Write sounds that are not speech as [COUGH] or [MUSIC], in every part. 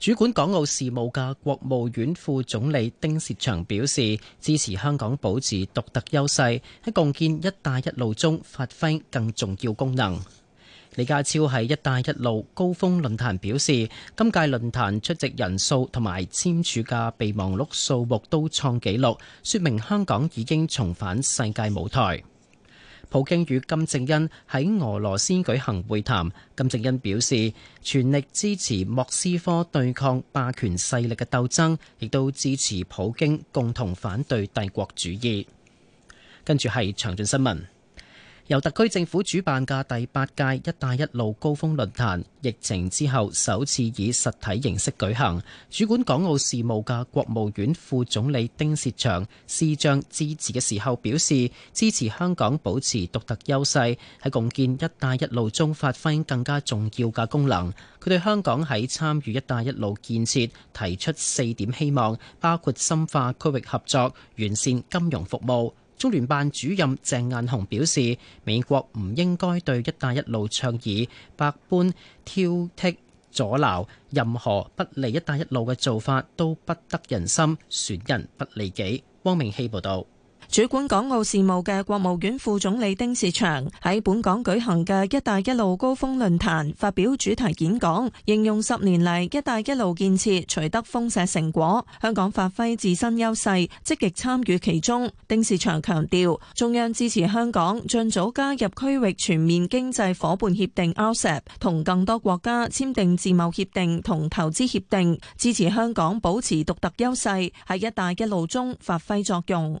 主管港澳事務嘅國務院副總理丁薛祥表示，支持香港保持獨特優勢，喺共建“一帶一路”中發揮更重要功能。李家超喺“一帶一路”高峰論壇表示，今屆論壇出席人數同埋簽署嘅備忘錄數目都創紀錄，說明香港已經重返世界舞台。普京與金正恩喺俄羅斯舉行會談。金正恩表示，全力支持莫斯科對抗霸權勢力嘅鬥爭，亦都支持普京共同反對帝國主義。跟住係詳盡新聞。由特區政府主辦嘅第八屆一帶一路高峰論壇，疫情之後首次以實體形式舉行。主管港澳事務嘅國務院副總理丁薛祥視像致辭嘅時候表示，支持香港保持獨特優勢，喺共建一帶一路中發揮更加重要嘅功能。佢對香港喺參與一帶一路建設提出四點希望，包括深化區域合作、完善金融服務。中聯辦主任鄭雁雄表示，美國唔應該對「一帶一路」倡議百般挑剔阻撓，任何不利「一帶一路」嘅做法都不得人心，損人不利己。汪明希報道。主管港澳事務嘅國務院副總理丁士祥喺本港舉行嘅“一帶一路”高峰論壇發表主題演講，形容十年嚟“一帶一路建”建設取得豐碩成果，香港發揮自身優勢，積極參與其中。丁士祥強調，中央支持香港盡早加入區域全面經濟伙伴協定 r c e 同更多國家簽訂自貿協定同投資協定，支持香港保持獨特優勢喺“一帶一路”中發揮作用。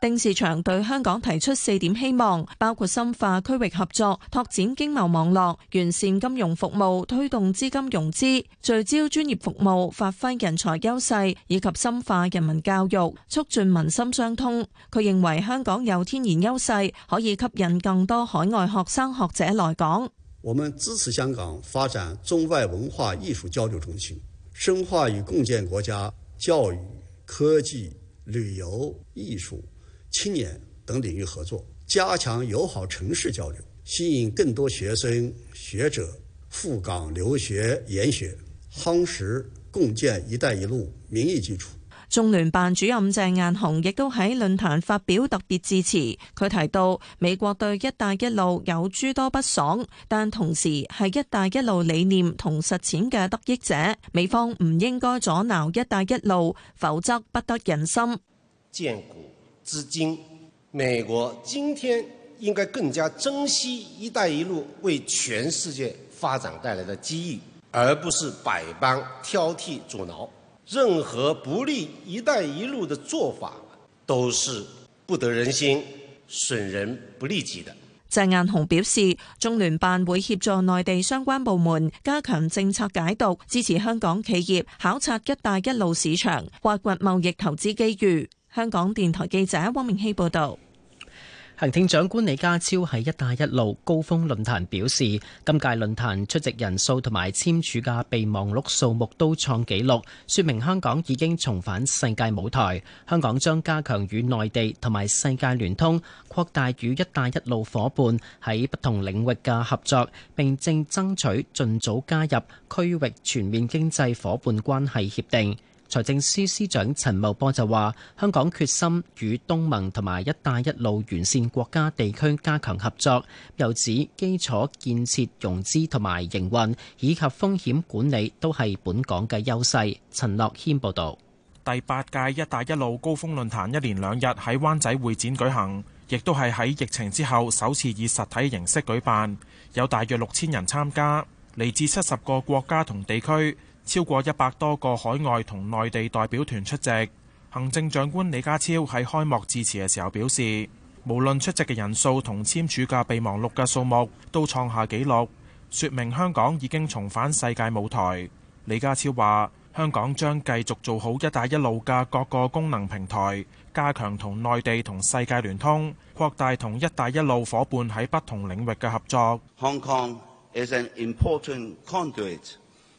丁薛祥對香港提出四點希望，包括深化區域合作、拓展經貿網絡、完善金融服務、推動資金融資、聚焦專業服務、發揮人才優勢以及深化人民教育、促進民心相通。佢認為香港有天然優勢，可以吸引更多海外學生學者來港。我們支持香港發展中外文化藝術交流中心，深化與共建國家教育、科技、旅遊、藝術。青年等領域合作，加強友好城市交流，吸引更多學生學者赴港留學研學，夯實共建“一帶一路”民意基礎。中聯辦主任鄭雁雄亦都喺論壇發表特別致辭，佢提到美國對“一帶一路”有諸多不爽，但同時係“一帶一路”理念同實踐嘅得益者，美方唔應該阻撓“一帶一路”，否則不得人心。堅固。資金美國今天應該更加珍惜“一帶一路”為全世界發展帶來的機遇，而不是百般挑剔阻撓。任何不利“一帶一路”的做法都是不得人心、損人不利己的。鄭雁雄表示，中聯辦會協助內地相關部門加強政策解讀，支持香港企業考察“一帶一路”市場，挖掘貿易投資機遇。香港電台記者汪明希報道，行政長官李家超喺一帶一路高峰論壇表示，今屆論壇出席人數同埋簽署嘅備忘錄數目都創紀錄，說明香港已經重返世界舞台。香港將加強與內地同埋世界聯通，擴大與一帶一路夥伴喺不同領域嘅合作，並正爭取盡早加入區域全面經濟夥伴關係協定。財政司司長陳茂波就話：香港決心與東盟同埋「一帶一路」沿線國家地區加強合作，又指基礎建設融資同埋營運以及風險管理都係本港嘅優勢。陳樂軒報導。第八屆「一帶一路」高峰論壇一連兩日喺灣仔會展舉行，亦都係喺疫情之後首次以實體形式舉辦，有大約六千人參加，嚟自七十個國家同地區。超過一百多個海外同內地代表團出席。行政長官李家超喺開幕致辭嘅時候表示，無論出席嘅人數同簽署嘅備忘錄嘅數目都創下紀錄，説明香港已經重返世界舞台。李家超話：香港將繼續做好一帶一路嘅各個功能平台，加強同內地同世界聯通，擴大同一帶一路伙伴喺不同領域嘅合作。Hong Kong is an important conduit.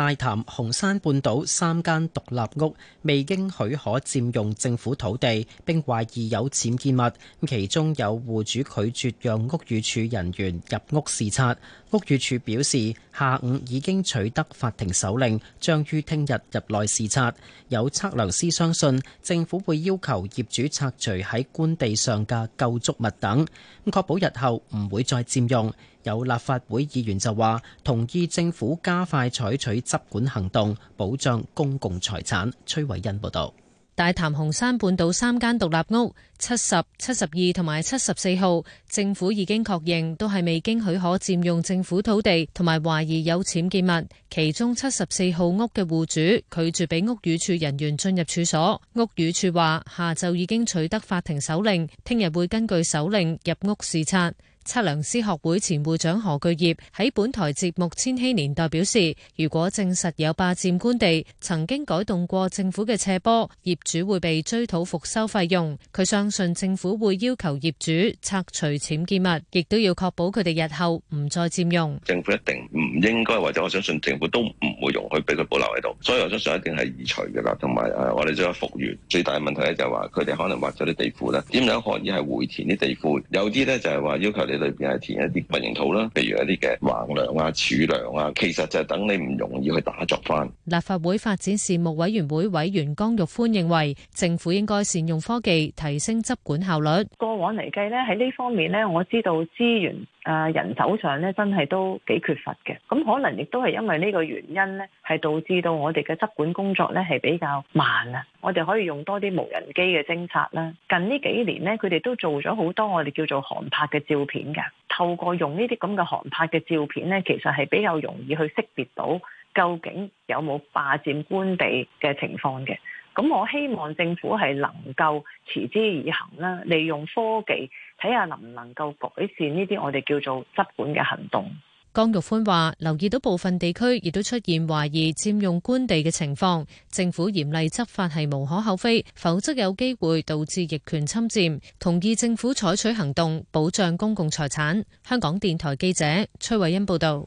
大潭、紅山半島三間獨立屋未經許可佔用政府土地，並懷疑有僭建物。其中有戶主拒絕讓屋宇署人員入屋視察。屋宇署表示，下午已經取得法庭手令，將於聽日入內視察。有測量師相信政府會要求業主拆除喺官地上嘅構築物等，咁確保日後唔會再佔用。有立法會議員就話同意政府加快採取。執管行動保障公共財產，崔偉恩報道。大潭紅山半島三間獨立屋，七十、七十二同埋七十四號，政府已經確認都係未經許可佔用政府土地，同埋懷疑有僭建物。其中七十四號屋嘅戶主拒絕俾屋宇處人員進入處所，屋宇處話下晝已經取得法庭手令，聽日會根據手令入屋視察。測量師學會前會長何巨業喺本台節目《千禧年代》表示，如果證實有霸佔官地，曾經改動過政府嘅斜坡，業主會被追討復修費用。佢相信政府會要求業主拆除僭建物，亦都要確保佢哋日後唔再佔用。政府一定唔應該，或者我相信政府都唔會容許俾佢保留喺度。所以我相信一定係移除噶啦，同埋誒，我哋就要復原。最大嘅問題咧就係話佢哋可能挖咗啲地庫啦，點樣可以係回填啲地庫？有啲咧就係話要求。裏邊係填一啲混凝土啦，譬如一啲嘅橫梁啊、柱梁啊，其實就係等你唔容易去打鑿翻。立法會發展事務委員會委員江玉歡認為，政府應該善用科技提升執管效率。過往嚟計呢，喺呢方面呢，我知道資源。誒人手上咧，真係都幾缺乏嘅。咁可能亦都係因為呢個原因咧，係導致到我哋嘅執管工作咧係比較慢啊。我哋可以用多啲無人機嘅偵察啦。近呢幾年咧，佢哋都做咗好多我哋叫做航拍嘅照片嘅。透過用呢啲咁嘅航拍嘅照片咧，其實係比較容易去識別到究竟有冇霸佔官地嘅情況嘅。咁我希望政府係能夠持之以恒啦，利用科技。睇下能唔能夠改善呢啲我哋叫做執管嘅行動。江玉歡話留意到部分地區亦都出現懷疑佔用官地嘅情況，政府嚴厲執法係無可厚非，否則有機會導致逆權侵佔，同意政府採取行動保障公共財產。香港電台記者崔慧欣報道。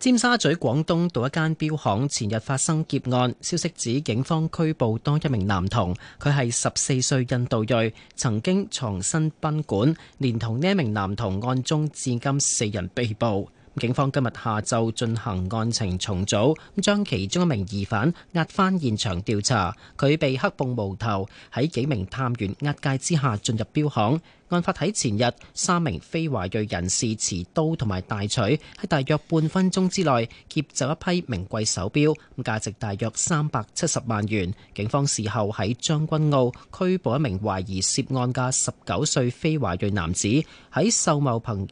尖沙咀廣東道一間錶行前日發生劫案，消息指警方拘捕多一名男童，佢係十四歲印度裔，曾經藏身賓館，連同呢一名男童，案中至今四人被捕。警方今日下晝進行案情重組，將其中一名疑犯押翻現場調查。佢被黑布蒙頭，喺幾名探員押解之下進入標行。案發喺前日，三名非華裔人士持刀同埋大錘，喺大約半分鐘之內劫走一批名貴手錶，價值大約三百七十萬元。警方事後喺將軍澳拘捕一名懷疑涉案嘅十九歲非華裔男子，喺秀茂坪。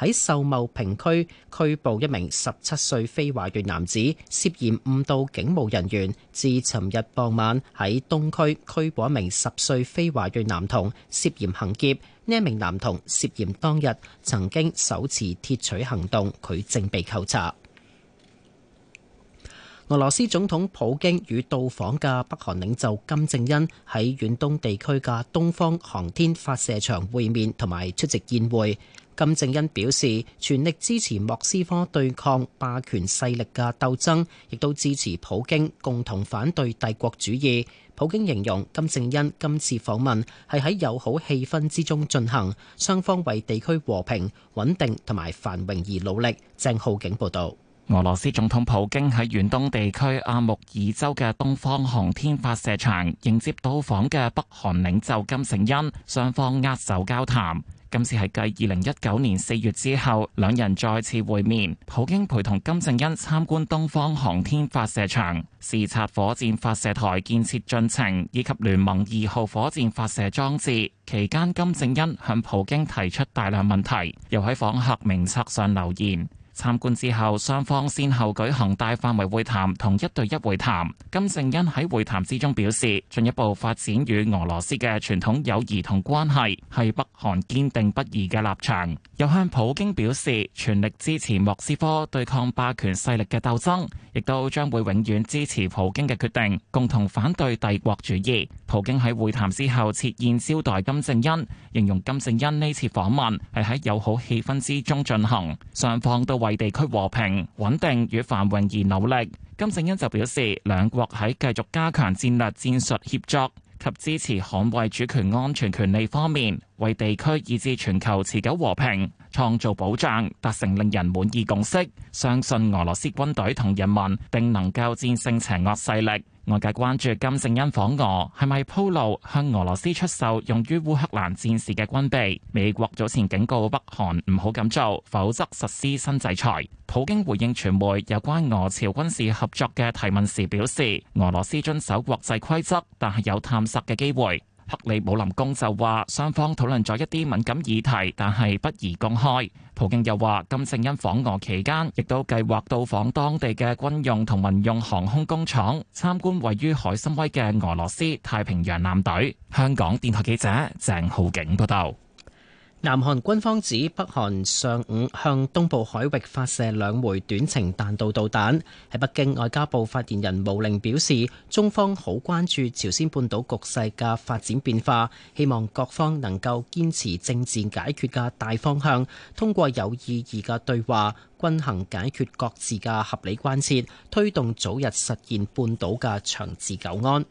喺秀茂坪區拘捕一名十七歲非華裔男子，涉嫌誤導警務人員。至尋日傍晚喺東區拘捕一名十歲非華裔男童，涉嫌行劫。呢一名男童涉嫌當日曾經手持鐵錘行動，佢正被扣查。俄羅斯總統普京與到訪嘅北韓領袖金正恩喺遠東地區嘅東方航天發射場會面，同埋出席宴會。金正恩表示，全力支持莫斯科對抗霸權勢力嘅鬥爭，亦都支持普京共同反對帝國主義，普京形容金正恩今次訪問係喺友好氣氛之中進行，雙方為地區和平穩定同埋繁榮而努力。鄭浩景報道，俄羅斯總統普京喺遠東地區阿穆爾州嘅東方航天發射場迎接到訪嘅北韓領袖金正恩，雙方握手交談。今次係繼二零一九年四月之後，兩人再次會面。普京陪同金正恩參觀東方航天發射場、視察火箭發射台建設進程以及聯盟二號火箭發射裝置。期間，金正恩向普京提出大量問題，又喺訪客名冊上留言。參觀之後，雙方先後舉行大範圍會談同一對一會談。金正恩喺會談之中表示，進一步發展與俄羅斯嘅傳統友誼同關係係北韓堅定不移嘅立場。又向普京表示，全力支持莫斯科對抗霸權勢力嘅鬥爭，亦都將會永遠支持普京嘅決定，共同反對帝國主義。普京喺會談之後設宴招待金正恩，形容金正恩呢次訪問係喺友好氣氛之中進行，雙方都話，為地區和平穩定與繁榮而努力。金正恩就表示，兩國喺繼續加強戰略戰術協作及支持捍衛主權安全權利方面，為地區以至全球持久和平創造保障，達成令人滿意共識。相信俄羅斯軍隊同人民定能夠戰勝邪惡勢力。外界關注金正恩訪俄係咪鋪路向俄羅斯出售用於烏克蘭戰事嘅軍備。美國早前警告北韓唔好咁做，否則實施新制裁。普京回應傳媒有關俄朝軍事合作嘅提問時表示，俄羅斯遵守國際規則，但係有探索嘅機會。克里姆林宮就話，雙方討論咗一啲敏感議題，但係不宜公開。普京又話，金正恩訪俄期間，亦都計劃到訪當地嘅軍用同民用航空工廠，參觀位於海參崴嘅俄羅斯太平洋艦隊。香港電台記者鄭浩景報道。南韓軍方指北韓上午向東部海域發射兩枚短程彈道導彈。喺北京，外交部發言人毛寧表示，中方好關注朝鮮半島局勢嘅發展變化，希望各方能夠堅持政治解決嘅大方向，通過有意義嘅對話，均衡解決各自嘅合理關切，推動早日實現半島嘅長治久安。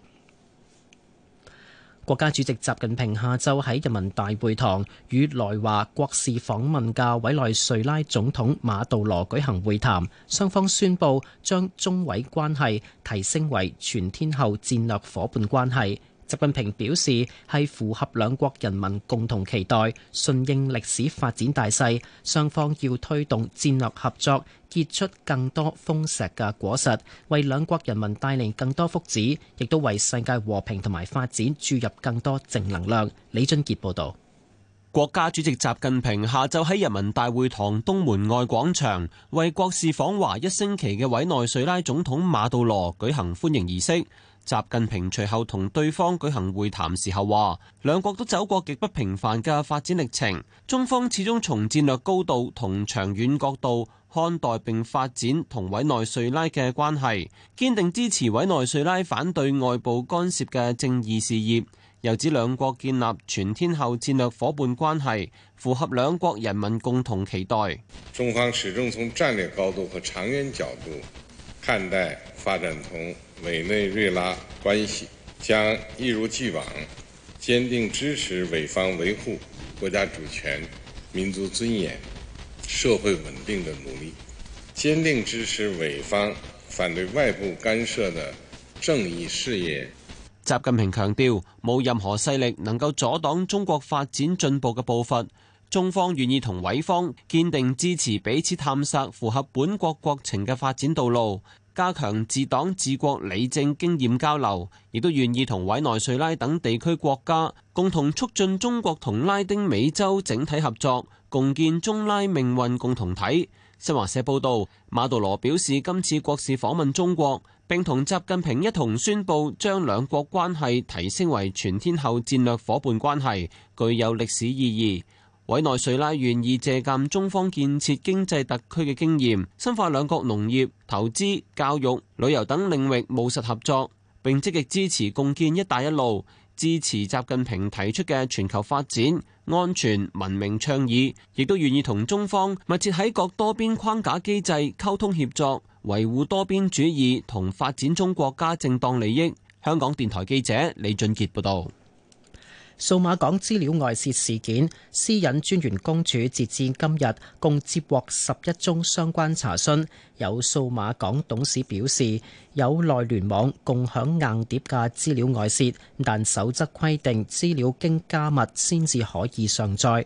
國家主席習近平下晝喺人民大會堂與來華國事訪問嘅委內瑞拉總統馬杜羅舉行會談，雙方宣布將中委關係提升為全天候戰略夥伴關係。習近平表示，係符合兩國人民共同期待，順應歷史發展大勢，雙方要推動戰略合作。結出更多豐碩嘅果實，為兩國人民帶嚟更多福祉，亦都為世界和平同埋發展注入更多正能量。李俊杰報道。國家主席習近平下晝喺人民大會堂東門外廣場為國事訪華一星期嘅委內瑞拉總統馬杜羅舉行歡迎儀式。習近平隨後同對方舉行會談時候話，兩國都走過極不平凡嘅發展歷程，中方始終從戰略高度同長遠角度，看待並發展同委內瑞拉嘅關係，堅定支持委內瑞拉反對外部干涉嘅正義事業，又指兩國建立全天候戰略伙伴關係，符合兩國人民共同期待。中方始終從戰略高度和長遠角度看待發展同委內瑞拉關係，將一如既往堅定支持委方維護國家主權、民族尊嚴。社會穩定嘅努力，堅定支持委方反對外部干涉嘅正義事業。習近平強調，冇任何勢力能夠阻擋中國發展進步嘅步伐。中方願意同委方堅定支持彼此探索符合本國國情嘅發展道路，加強治黨治國理政經驗交流，亦都願意同委內瑞拉等地區國家共同促進中國同拉丁美洲整體合作。共建中拉命運共同體。新華社報道，馬杜羅表示，今次國事訪問中國，並同習近平一同宣布將兩國關係提升為全天候戰略伙伴關係，具有歷史意義。委內瑞拉願意借鑒中方建設經濟特區嘅經驗，深化兩國農業、投資、教育、旅遊等領域務實合作，並積極支持共建「一帶一路」，支持習近平提出嘅全球發展。安全、文明、倡議，亦都願意同中方密切喺各多邊框架機制溝通協作，維護多邊主義同發展中國家正當利益。香港電台記者李俊傑報道。數碼港資料外泄事件，私隱專員公署截至今日共接獲十一宗相關查詢。有數碼港董事表示，有內聯網共享硬碟嘅資料外泄，但守則規定資料經加密先至可以上載。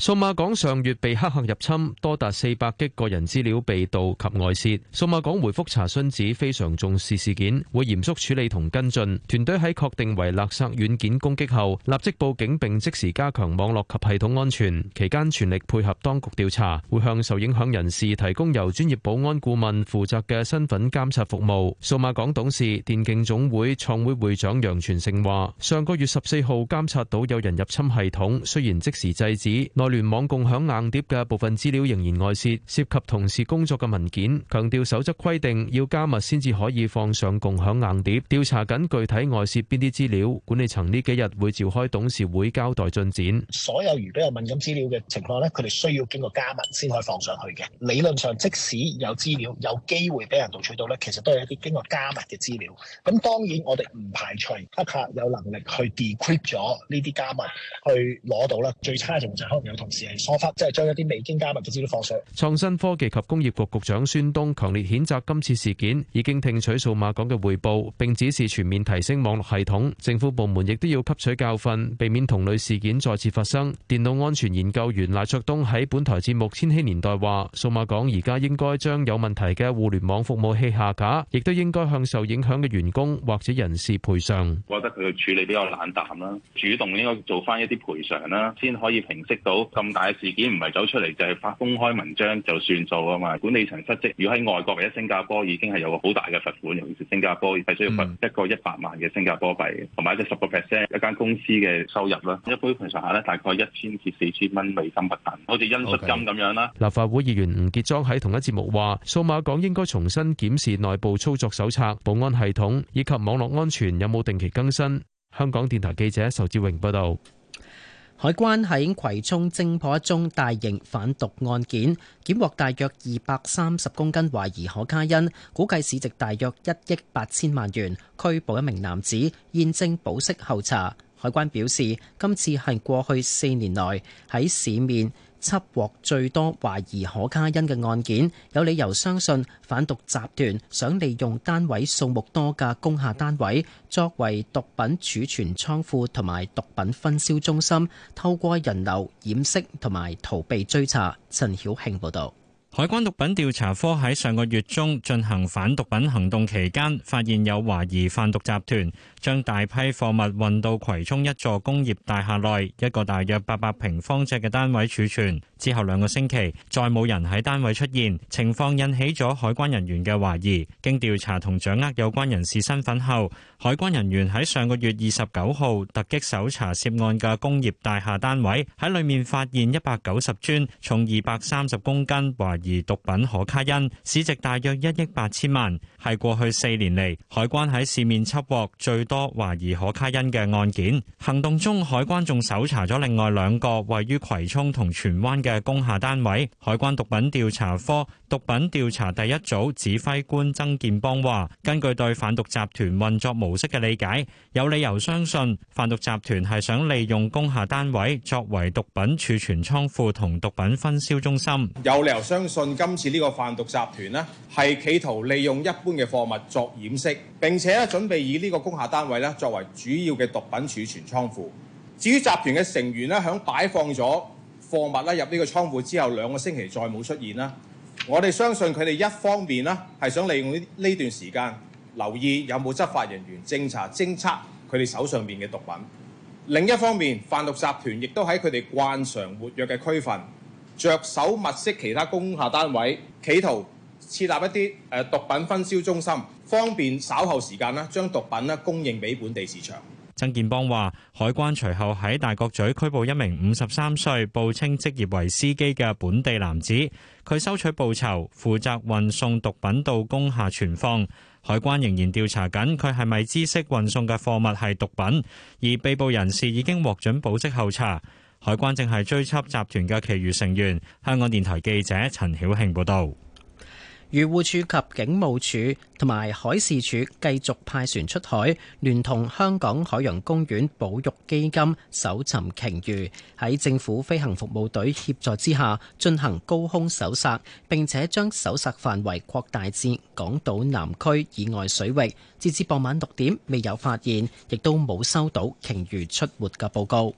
數碼港上月被黑客入侵，多達四百 G 個人資料被盜及外洩。數碼港回覆查詢指非常重視事件，會嚴肅處理同跟進。團隊喺確定為勒索軟件攻擊後，立即報警並即時加強網絡及系統安全，期間全力配合當局調查，會向受影響人士提供由專業保安顧問負責嘅身份監察服務。數碼港董事、電競總會創會會長楊全盛話，上個月十四號監察到有人入侵系統，雖然即時制止，內互聯網共享硬碟嘅部分資料仍然外泄，涉及同事工作嘅文件。強調守則規定要加密先至可以放上共享硬碟。調查緊具體外泄邊啲資料，管理層呢幾日會召開董事會交代進展。所有如果有敏感資料嘅情況咧，佢哋需要經過加密先可以放上去嘅。理論上，即使有資料有機會俾人盜取到咧，其實都係一啲經過加密嘅資料。咁當然，我哋唔排除黑客有能力去 decrypt 咗呢啲加密去攞到啦。最差嘅情況可能有。同時係疏忽，即係將一啲未經加密嘅資料放上。創新科技及工業局局長孫東強烈譴責今次事件，已經聽取數碼港嘅彙報，並指示全面提升網絡系統。政府部門亦都要吸取教訓，避免同類事件再次發生。電腦安全研究員賴卓東喺本台節目《千禧年代》話：數碼港而家應該將有問題嘅互聯網服務器下架，亦都應該向受影響嘅員工或者人士賠償。我覺得佢嘅處理比較冷淡啦，主動應該做返一啲賠償啦，先可以平息到。咁大嘅事件唔係走出嚟就係發公開文章就算數啊嘛。管理層失職，如果喺外國或者新加坡已經係有個好大嘅罰款，尤其是新加坡係需要罰一個一百萬嘅新加坡幣同埋一個十個 percent 一間公司嘅收入啦。一般平常下咧，大概一千至四千蚊美金不等，好似恩恤金咁樣啦。Okay. 立法會議員吳傑莊喺同一節目話數碼港應該重新檢視內部操作手冊，保安系統以及網絡安全有冇定期更新。香港電台記者仇志榮報道。海關喺葵涌偵破一宗大型販毒案件，檢獲大約二百三十公斤懷疑可卡因，估計市值大約一億八千萬元，拘捕一名男子，現正保釋候查。海關表示，今次係過去四年內喺市面緝獲最多懷疑可卡因嘅案件，有理由相信販毒集團想利用單位數目多嘅工廈單位作為毒品儲存倉庫同埋毒品分銷中心，透過人流掩飾同埋逃避追查。陳曉慶報導。海關毒品調查科喺上個月中進行反毒品行動期間，發現有懷疑販毒集團將大批貨物運到葵涌一座工業大廈內，一個大約八百平方尺嘅單位儲存。之後兩個星期，再冇人喺單位出現，情況引起咗海關人員嘅懷疑。經調查同掌握有關人士身份後，海關人員喺上個月二十九號突擊搜查涉案嘅工業大廈單位，喺裡面發現一百九十樽重二百三十公斤懷疑毒品可卡因，市值大約一億八千萬，係過去四年嚟海關喺市面緝獲最多懷疑可卡因嘅案件。行動中，海關仲搜查咗另外兩個位於葵涌同荃灣嘅工廈單位。海關毒品調查科毒品調查第一組指揮官曾建邦話，根據對販毒集團運作模模式嘅理解，有理由相信，販毒集團係想利用工廈單位作為毒品儲存倉庫同毒品分銷中心。有理由相信今次呢個販毒集團咧，係企圖利用一般嘅貨物作掩飾，並且咧，準備以呢個工廈單位咧，作為主要嘅毒品儲存倉庫。至於集團嘅成員呢，響擺放咗貨物咧，入呢個倉庫之後兩個星期再冇出現啦，我哋相信佢哋一方面啦，係想利用呢呢段時間。留意有冇執法人員偵查偵測佢哋手上邊嘅毒品。另一方面，販毒集團亦都喺佢哋慣常活躍嘅區份着手物色其他工廈單位，企圖設立一啲誒毒品分銷中心，方便稍後時間呢將毒品呢供應俾本地市場。曾建邦話海關隨後喺大角咀拘捕一名五十三歲報稱職業為司機嘅本地男子，佢收取報酬，負責運送毒品到工廈存放。海關仍然調查緊佢係咪知識運送嘅貨物係毒品，而被捕人士已經獲准保釋候查。海關正係追緝集團嘅其餘成員。香港電台記者陳曉慶報道。漁護署及警務處、同埋海事處繼續派船出海，聯同香港海洋公園保育基金搜尋鯨魚。喺政府飛行服務隊協助之下進行高空搜索，並且將搜索範圍擴大至港島南區以外水域。截至傍晚六點，未有發現，亦都冇收到鯨魚出沒嘅報告。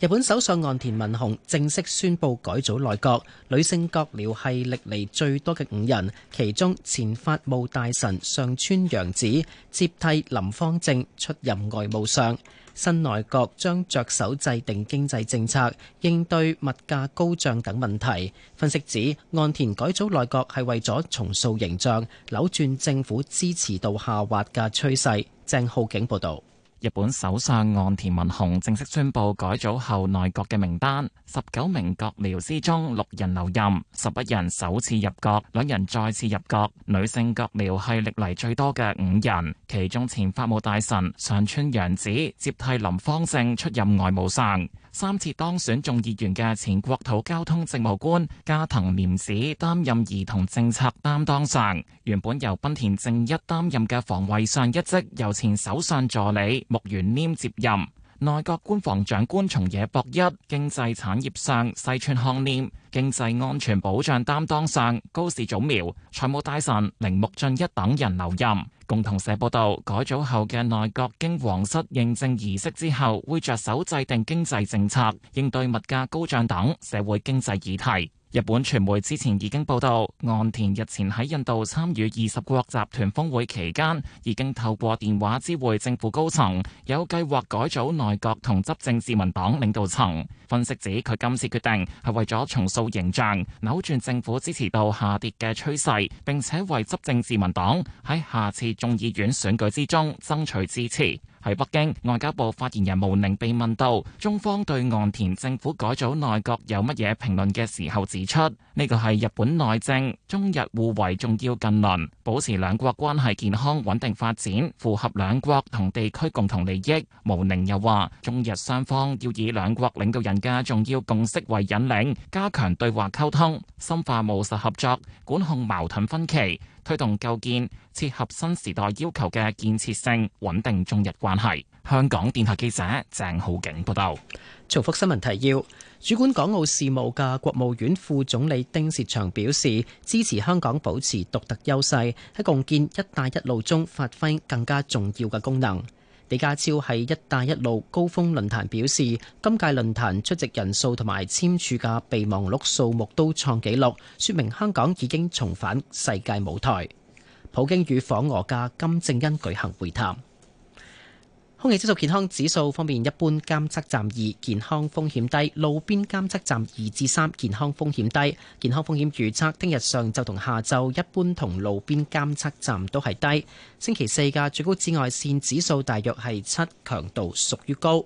日本首相岸田文雄正式宣布改組內閣，女性閣僚係歷嚟最多嘅五人，其中前法務大臣上川陽子接替林芳正出任外務相。新內閣將着手制定經濟政策，應對物價高漲等問題。分析指，岸田改組內閣係為咗重塑形象，扭轉政府支持度下滑嘅趨勢。鄭浩景報道。日本首相岸田文雄正式宣布改組後內閣嘅名單，十九名閣僚之中六人留任，十一人首次入閣，兩人再次入閣，女性閣僚係歷嚟最多嘅五人，其中前法務大臣上川陽子接替林芳正出任外務相。三次當選眾議員嘅前國土交通政務官加藤鮎子擔任兒童政策擔當相，原本由濱田靖一擔任嘅防衛相一職，由前首相助理木原稔接任。內閣官房長官松野博一、經濟產業上西村康稔、經濟安全保障擔當上高市早苗、財務大臣鈴木俊一等人留任。共同社報道，改組後嘅內閣經皇室認證儀式之後，會着手制定經濟政策，應對物價高漲等社會經濟議題。日本傳媒之前已經報導，岸田日前喺印度參與二十國集團峰會期間，已經透過電話知會政府高層，有計劃改組內閣同執政自民黨領導層。分析指佢今次決定係為咗重塑形象，扭轉政府支持度下跌嘅趨勢，並且為執政自民黨喺下次眾議院選舉之中爭取支持。喺北京，外交部發言人毛寧被問到中方對岸田政府改組內閣有乜嘢評論嘅時候，指出呢個係日本內政，中日互為重要近鄰，保持兩國關係健康穩定發展，符合兩國同地區共同利益。毛寧又話，中日雙方要以兩國領導人嘅重要共識為引領，加強對話溝通，深化務實合作，管控矛盾分歧。推動構建切合新時代要求嘅建設性穩定中日關係。香港電台記者鄭浩景報道。重複新聞提要，主管港澳事務嘅國務院副總理丁薛祥表示，支持香港保持獨特優勢，喺共建「一帶一路」中發揮更加重要嘅功能。李家超喺“一帶一路”高峰論壇表示，今屆論壇出席人數同埋簽署嘅備忘錄數目都創紀錄，說明香港已經重返世界舞台。普京與訪俄嘅金正恩舉行會談。空氣質素健康指數方面，一般監測站二，健康風險低；路邊監測站二至三，健康風險低。健康風險預測聽日上晝同下晝一般同路邊監測站都係低。星期四嘅最高紫外線指數大約係七，強度屬於高。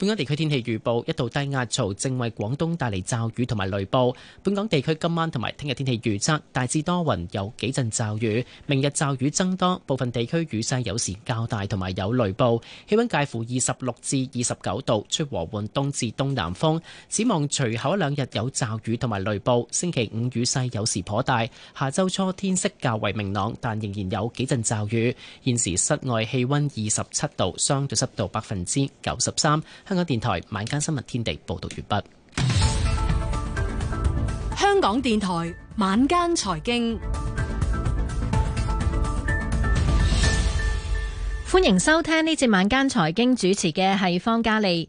本港地區天氣預報：一道低壓槽正為廣東帶嚟驟雨同埋雷暴。本港地區今晚同埋聽日天氣預測大致多雲，有幾陣驟雨。明日驟雨增多，部分地區雨勢有時較大，同埋有雷暴。氣溫介乎二十六至二十九度，吹和緩東至東南風。展望隨後一兩日有驟雨同埋雷暴，星期五雨勢有時頗大。下周初天色較為明朗，但仍然有幾陣驟雨。現時室外氣溫二十七度，相對濕度百分之九十三。香港電台晚間新聞天地報道完畢。香港電台晚間財經， [MUSIC] 歡迎收聽呢節晚間財經，主持嘅係方嘉莉。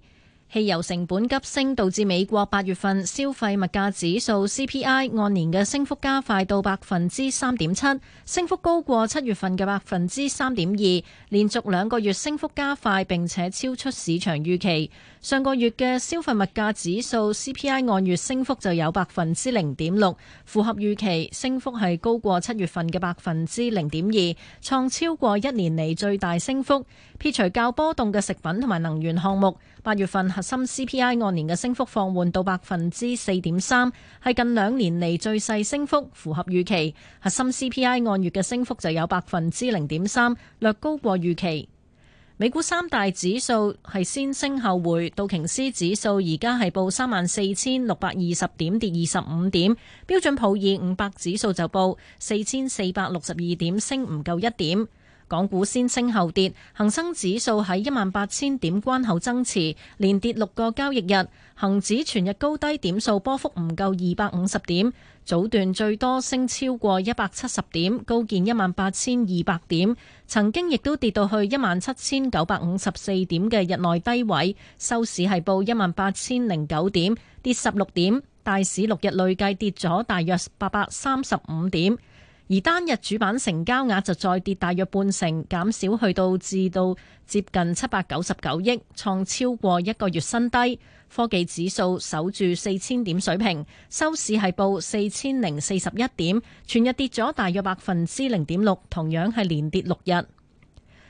汽油成本急升，導致美國八月份消費物價指數 CPI 按年嘅升幅加快到百分之三點七，升幅高過七月份嘅百分之三點二，連續兩個月升幅加快，並且超出市場預期。上個月嘅消費物價指數 CPI 按月升幅就有百分之零點六，符合預期，升幅係高過七月份嘅百分之零點二，創超過一年嚟最大升幅。撇除較波動嘅食品同埋能源項目，八月份核心 CPI 按年嘅升幅放緩到百分之四點三，係近兩年嚟最細升幅，符合預期。核心 CPI 按月嘅升幅就有百分之零點三，略高過預期。美股三大指數係先升後回，道瓊斯指數而家係報三萬四千六百二十點，跌二十五點；標準普爾五百指數就報四千四百六十二點，升唔夠一點。港股先升後跌，恒生指數喺一萬八千點關口爭持，連跌六個交易日。恒指全日高低點數波幅唔夠二百五十點，早段最多升超過一百七十點，高見一萬八千二百點。曾經亦都跌到去一萬七千九百五十四點嘅日內低位，收市係報一萬八千零九點，跌十六點。大市六日累計跌咗大約八百三十五點。而單日主板成交額就再跌大約半成，減少去到至到接近七百九十九億，創超過一個月新低。科技指數守住四千點水平，收市係報四千零四十一點，全日跌咗大約百分之零點六，同樣係連跌六日。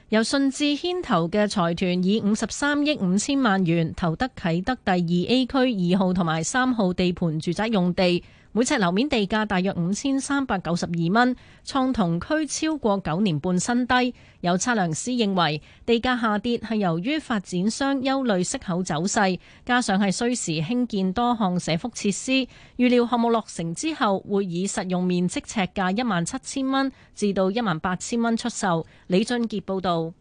由信置牽頭嘅財團以五十三億五千萬元投得啟德第二 A 區二號同埋三號地盤住宅用地。每尺樓面地價大約五千三百九十二蚊，創同區超過九年半新低。有測量師認為地價下跌係由於發展商憂慮息口走勢，加上係需時興建多項社福設施。預料項目落成之後，會以實用面積尺價一萬七千蚊至到一萬八千蚊出售。李俊傑報導。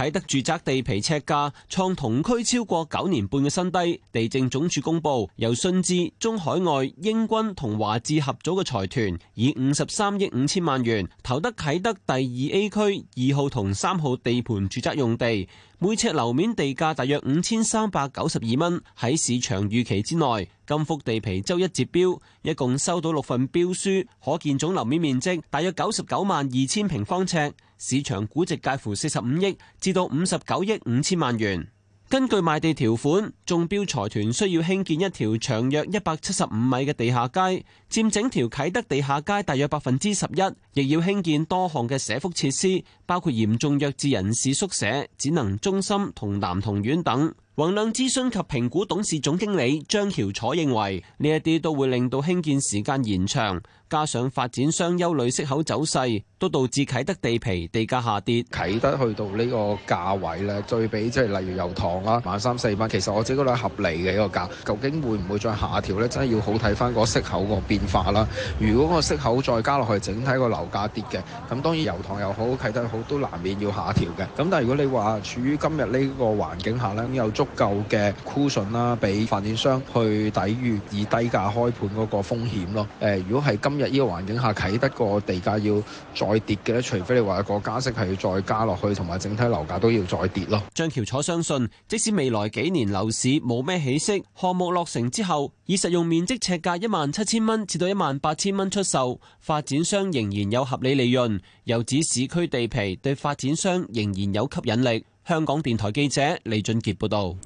啟德住宅地皮尺價創同區超過九年半嘅新低，地政總署公布，由信智、中海外、英軍同華智合組嘅財團，以五十三億五千萬元投得啟德第二 A 區二號同三號地盤住宅用地。每尺樓面地價大約五千三百九十二蚊，喺市場預期之內。今幅地皮周一截標，一共收到六份標書，可建總樓面面積大約九十九萬二千平方尺，市場估值介乎四十五億至到五十九億五千萬元。根據賣地條款，中標財團需要興建一條長約一百七十五米嘅地下街，佔整條啟德地下街大約百分之十一，亦要興建多項嘅社福設施，包括嚴重弱智人士宿舍、展能中心同男童院等。宏亮諮詢及評估董事總經理張喬楚認為，呢一啲都會令到興建時間延長。加上發展商憂慮息口走勢，都導致啟德地皮地價下跌。啟德去到呢個價位咧，對比即係例如油塘啦，萬三四萬，其實我自己覺得都係合理嘅一個價。究竟會唔會再下調咧？真係要好睇翻個息口個變化啦。如果個息口再加落去，整體個樓價跌嘅，咁當然油塘又好，啟德好都難免要下調嘅。咁但係如果你話處於今日呢個環境下咧，有足夠嘅 cushion 啦，俾發展商去抵禦以低價開盤嗰個風險咯。誒、呃，如果係今喺呢個環境下，啟得個地價要再跌嘅咧，除非你話個加息係要再加落去，同埋整體樓價都要再跌咯。張橋楚相信，即使未來幾年樓市冇咩起色，項目落成之後，以實用面積尺價一萬七千蚊至到一萬八千蚊出售，發展商仍然有合理利潤。又指市區地皮對發展商仍然有吸引力。香港電台記者李俊傑報道。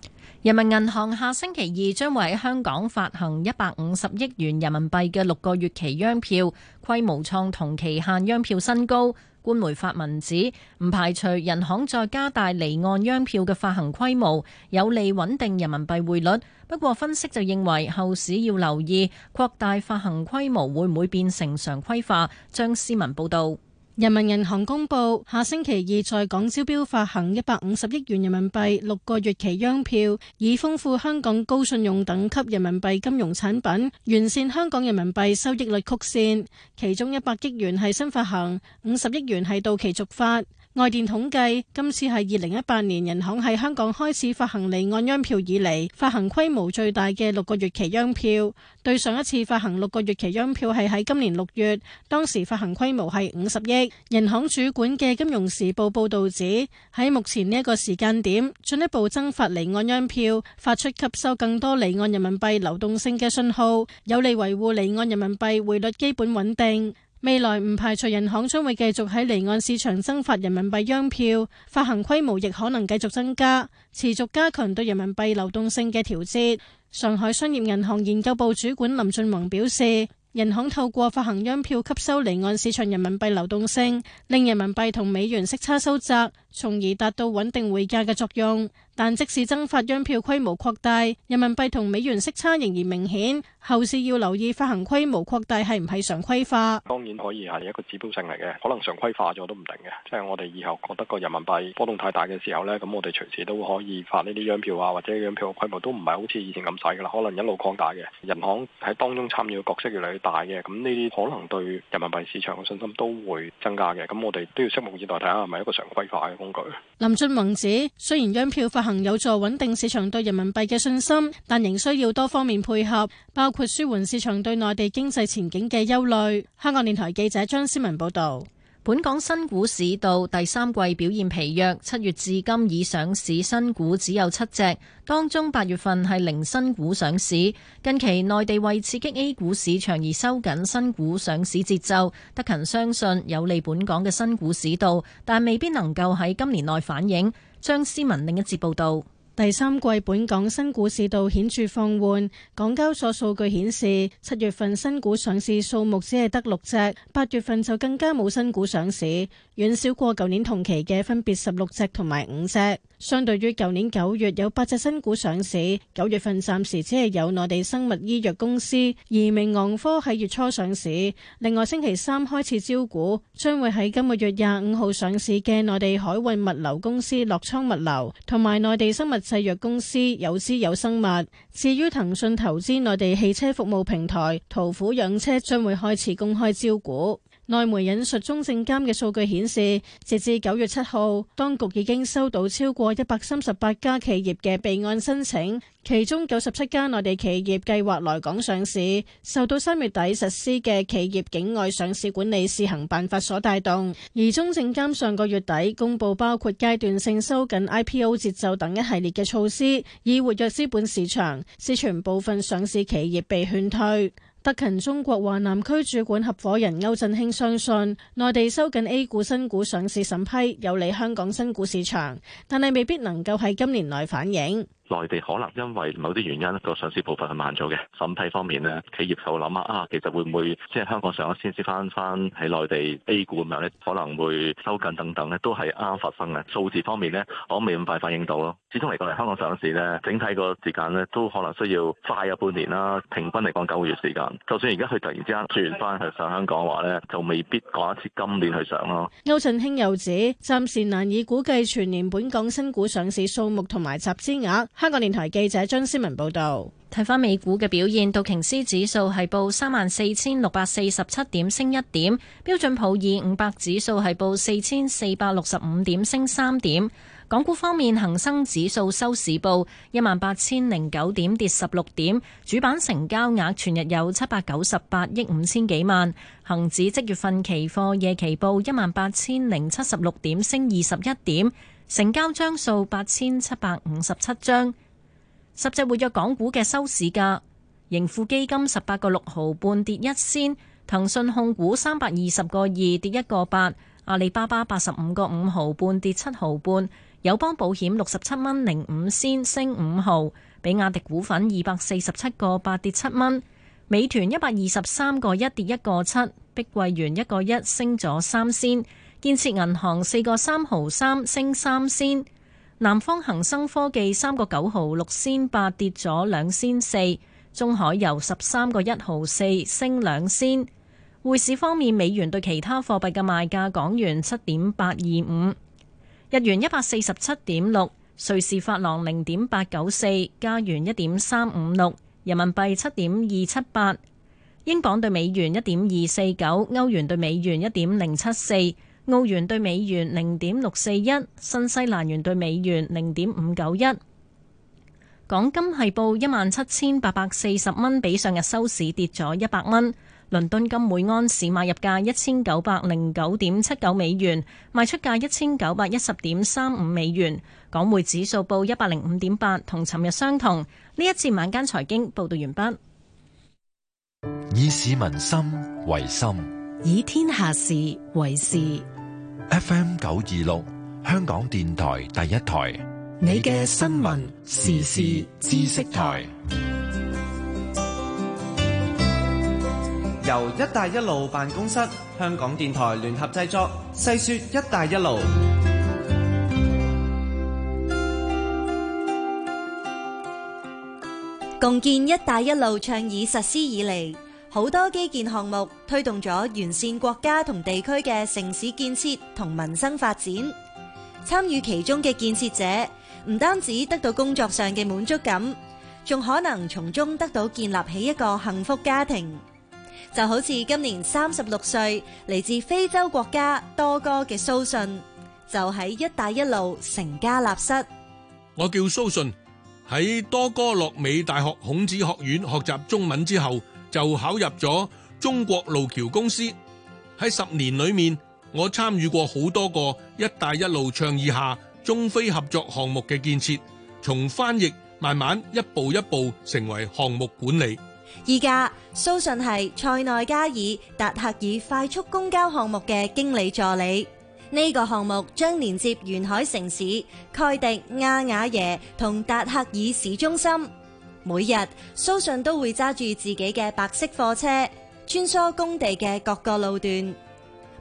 人民銀行下星期二將會喺香港發行一百五十億元人民幣嘅六個月期央票，規模創同期限央票新高。官媒發文指唔排除人行再加大離岸央票嘅發行規模，有利穩定人民幣匯率。不過，分析就認為後市要留意擴大發行規模會唔會變成常規化。張思文報道。人民銀行公布，下星期二在港招標發行一百五十億元人民幣六個月期央票，以豐富香港高信用等級人民幣金融產品，完善香港人民幣收益率曲線。其中一百億元係新發行，五十億元係到期續發。外電統計，今次係二零一八年人行喺香港開始發行離岸央票以嚟發行規模最大嘅六個月期央票。對上一次發行六個月期央票係喺今年六月，當時發行規模係五十億。人行主管嘅《金融時報》報道指，喺目前呢一個時間點，進一步增發離岸央票，發出吸收更多離岸人民幣流動性嘅信號，有利維護離岸人民幣匯率基本穩定。未來唔排除人行將會繼續喺離岸市場增發人民幣央票，發行規模亦可能繼續增加，持續加強對人民幣流動性嘅調節。上海商業銀行研究部主管林俊宏表示，人行透過發行央票吸收離岸市場人民幣流動性，令人民幣同美元息差收窄，從而達到穩定匯價嘅作用。但即使增發央票規模擴大，人民幣同美元息差仍然明顯。後市要留意發行規模擴大係唔係常規化，當然可以係一個指標性嚟嘅，可能常規化咗都唔定嘅。即係我哋以後覺得個人民幣波動太大嘅時候呢，咁我哋隨時都可以發呢啲央票啊，或者央票嘅規模都唔係好似以前咁細噶啦，可能一路擴大嘅。銀行喺當中參與嘅角色越嚟越大嘅，咁呢啲可能對人民幣市場嘅信心都會增加嘅。咁我哋都要拭目以待睇下係咪一個常規化嘅工具。林俊宏指，雖然央票發行有助穩定市場對人民幣嘅信心，但仍需要多方面配合包。括舒緩市場對內地經濟前景嘅憂慮。香港電台記者張思文報道，本港新股市道第三季表現疲弱，七月至今已上市新股只有七隻，當中八月份係零新股上市。近期內地為刺激 A 股市場而收緊新股上市節奏，德勤相信有利本港嘅新股市道，但未必能夠喺今年內反映。張思文另一節報道。第三季本港新股市道顯著放緩，港交所數據顯示，七月份新股上市數目只係得六隻，八月份就更加冇新股上市。遠少過舊年同期嘅分別十六隻同埋五隻，相對於舊年九月有八隻新股上市，九月份暫時只係有內地生物醫藥公司宜明昂科喺月初上市，另外星期三開始招股，將會喺今個月廿五號上市嘅內地海運物流公司樂艙物流同埋內地生物製藥公司友芝友生物。至於騰訊投資內地汽車服務平台途虎養車，將會開始公開招股。內媒引述中證監嘅數據顯示，截至九月七號，當局已經收到超過一百三十八家企業嘅備案申請，其中九十七家內地企業計劃來港上市，受到三月底實施嘅企業境外上市管理試行辦法所帶動。而中證監上個月底公佈包括階段性收緊 IPO 節奏等一系列嘅措施，以活躍資本市場，使部分上市企業被勸退。德勤中國華南區主管合夥人歐振興相信，內地收緊 A 股新股上市審批，有利香港新股市場，但係未必能夠喺今年內反映。內地可能因為某啲原因個上市步伐係慢咗嘅，審批方面呢，企業就諗下啊，其實會唔會即係香港上市先至翻翻喺內地 A 股咁樣咧，可能會收緊等等咧，都係啱啱發生嘅。數字方面咧，我未咁快反映到咯。始終嚟講嚟香港上市咧，整體個時間咧都可能需要快有半年啦，平均嚟講九個月時間。就算而家佢突然之間轉翻去上香港話咧，就未必趕得切今年去上咯。歐振興又指，暫時難以估計全年本港新股上市數目同埋集資額。香港電台記者張思文報道，睇返美股嘅表現，道瓊斯指數係報三萬四千六百四十七點，升一點，標準普爾五百指數係報四千四百六十五點，升三點。港股方面，恒生指數收市報一萬八千零九點，跌十六點，主板成交額全日有七百九十八億五千幾萬，恒指即月份期貨夜期報一萬八千零七十六點，升二十一點。成交張數八千七百五十七張，十隻活躍港股嘅收市價，盈富基金十八個六毫半跌一仙，騰訊控股三百二十個二跌一個八，阿里巴巴八十五個五毫半跌七毫半，友邦保險六十七蚊零五仙升五毫，比亞迪股份二百四十七個八跌七蚊，美團一百二十三個一跌一個七，碧桂園一個一升咗三仙。建設銀行四個三毫三升三仙，南方恒生科技三個九毫六仙八跌咗兩仙四，中海油十三個一毫四升兩仙。匯市方面，美元對其他貨幣嘅賣價：港元七點八二五，日元一百四十七點六，瑞士法郎零點八九四，加元一點三五六，人民幣七點二七八，英鎊對美元一點二四九，歐元對美元一點零七四。澳元兌美元零點六四一，新西蘭元兌美元零點五九一。港金係報一萬七千八百四十蚊，比上日收市跌咗一百蚊。倫敦金每安士買入價一千九百零九點七九美元，賣出價一千九百一十點三五美元。港匯指數報一百零五點八，同尋日相同。呢一次晚間財經報道完畢。以市民心為心，以天下事為事。FM 九二六，香港電台第一台，你嘅新聞時事知識台，由“一帶一路”辦公室、香港電台聯合製作，細說“一帶一路”，共建“一帶一路”倡議實施以嚟。好多基建項目推動咗，完善國家同地區嘅城市建設同民生發展，參與其中嘅建設者唔單止得到工作上嘅滿足感，仲可能從中得到建立起一個幸福家庭。就好似今年三十六歲嚟自非洲國家多哥嘅蘇信，就喺一帶一路成家立室。我叫蘇信，喺多哥洛美大學孔子學院學習中文之後。就考入咗中國路橋公司。喺十年裏面，我參與過好多個“一帶一路”倡議下中非合作項目嘅建設，從翻譯慢慢一步一步成為項目管理。而家蘇信係塞內加爾達克爾快速公交項目嘅經理助理。呢個項目將連接沿海城市蓋迪亞瓦耶同達克爾市中心。每日，蘇信都會揸住自己嘅白色貨車穿梭工地嘅各個路段。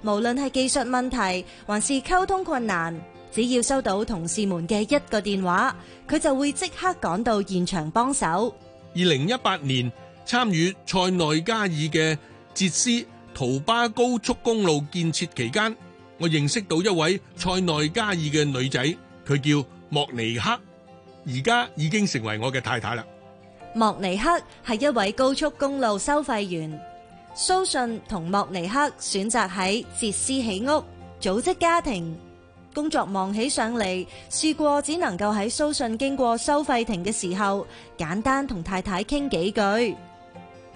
無論係技術問題，還是溝通困難，只要收到同事們嘅一個電話，佢就會即刻趕到現場幫手。二零一八年參與塞內加爾嘅捷斯圖巴高速公路建設期間，我認識到一位塞內加爾嘅女仔，佢叫莫尼克，而家已經成為我嘅太太啦。莫尼克係一位高速公路收費員，蘇信同莫尼克選擇喺節絲起屋，組織家庭，工作忙起上嚟，試過只能夠喺蘇信經過收費亭嘅時候，簡單同太太傾幾句。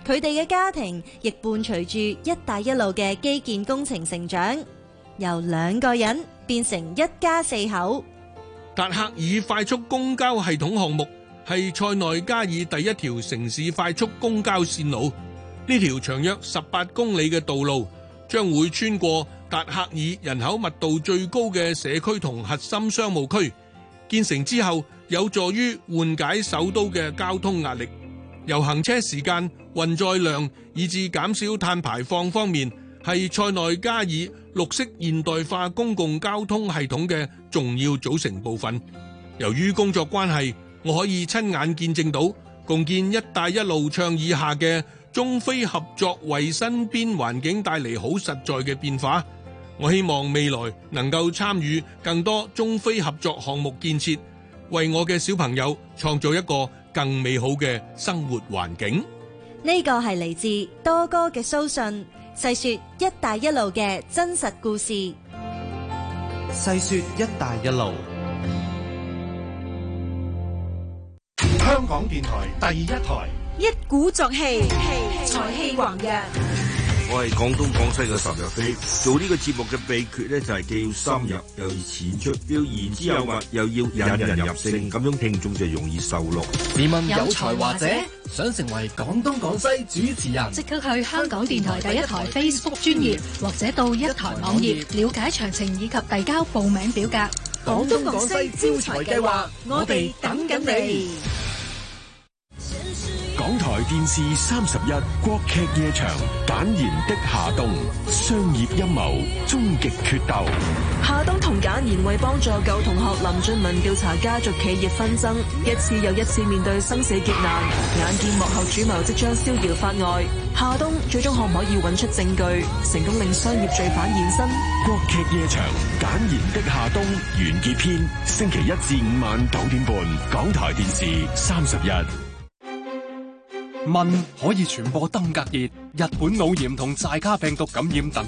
佢哋嘅家庭亦伴隨住一帶一路嘅基建工程成長，由兩個人變成一家四口。達克爾快速公交系統項目。係塞內加爾第一條城市快速公交線路，呢條長約十八公里嘅道路將會穿過達克爾人口密度最高嘅社區同核心商務區。建成之後有助於緩解首都嘅交通壓力，由行車時間、運載量以至減少碳排放方面，係塞內加爾綠色現代化公共交通系統嘅重要組成部分。由於工作關係，我可以親眼見證到共建“一帶一路”倡議下嘅中非合作為身邊環境帶嚟好實在嘅變化。我希望未來能夠參與更多中非合作項目建設，為我嘅小朋友創造一個更美好嘅生活環境。呢個係嚟自多哥嘅書信，細說“一帶一路”嘅真實故事。細說“一帶一路”。港電台第一台一鼓作氣，才氣橫溢。我係廣東廣西嘅十日飛，做呢個節目嘅秘訣咧就係既要深入，又要淺出標，言之有物，又要引人入勝，咁樣聽眾就容易受落。自問有才華者想成為廣東廣西主持人，即刻去香港電台第一台 Facebook 專業，或者到一台網頁了解詳情以及遞交報名表格。廣東廣西招才計劃，我哋等緊你。港台電視三十一國劇夜場，簡言的夏冬商業陰謀終極決鬥。夏冬同簡言為幫助舊同學林俊文調查家族企業紛爭，一次又一次面對生死劫難，眼見幕後主謀即將逍遙法外，夏冬最終可唔可以揾出證據，成功令商業罪犯現身？國劇夜場，簡言的夏冬完結篇。星期一至五晚九點半，港台電視三十一。蚊可以傳播登革熱、日本腦炎同寨卡病毒感染等。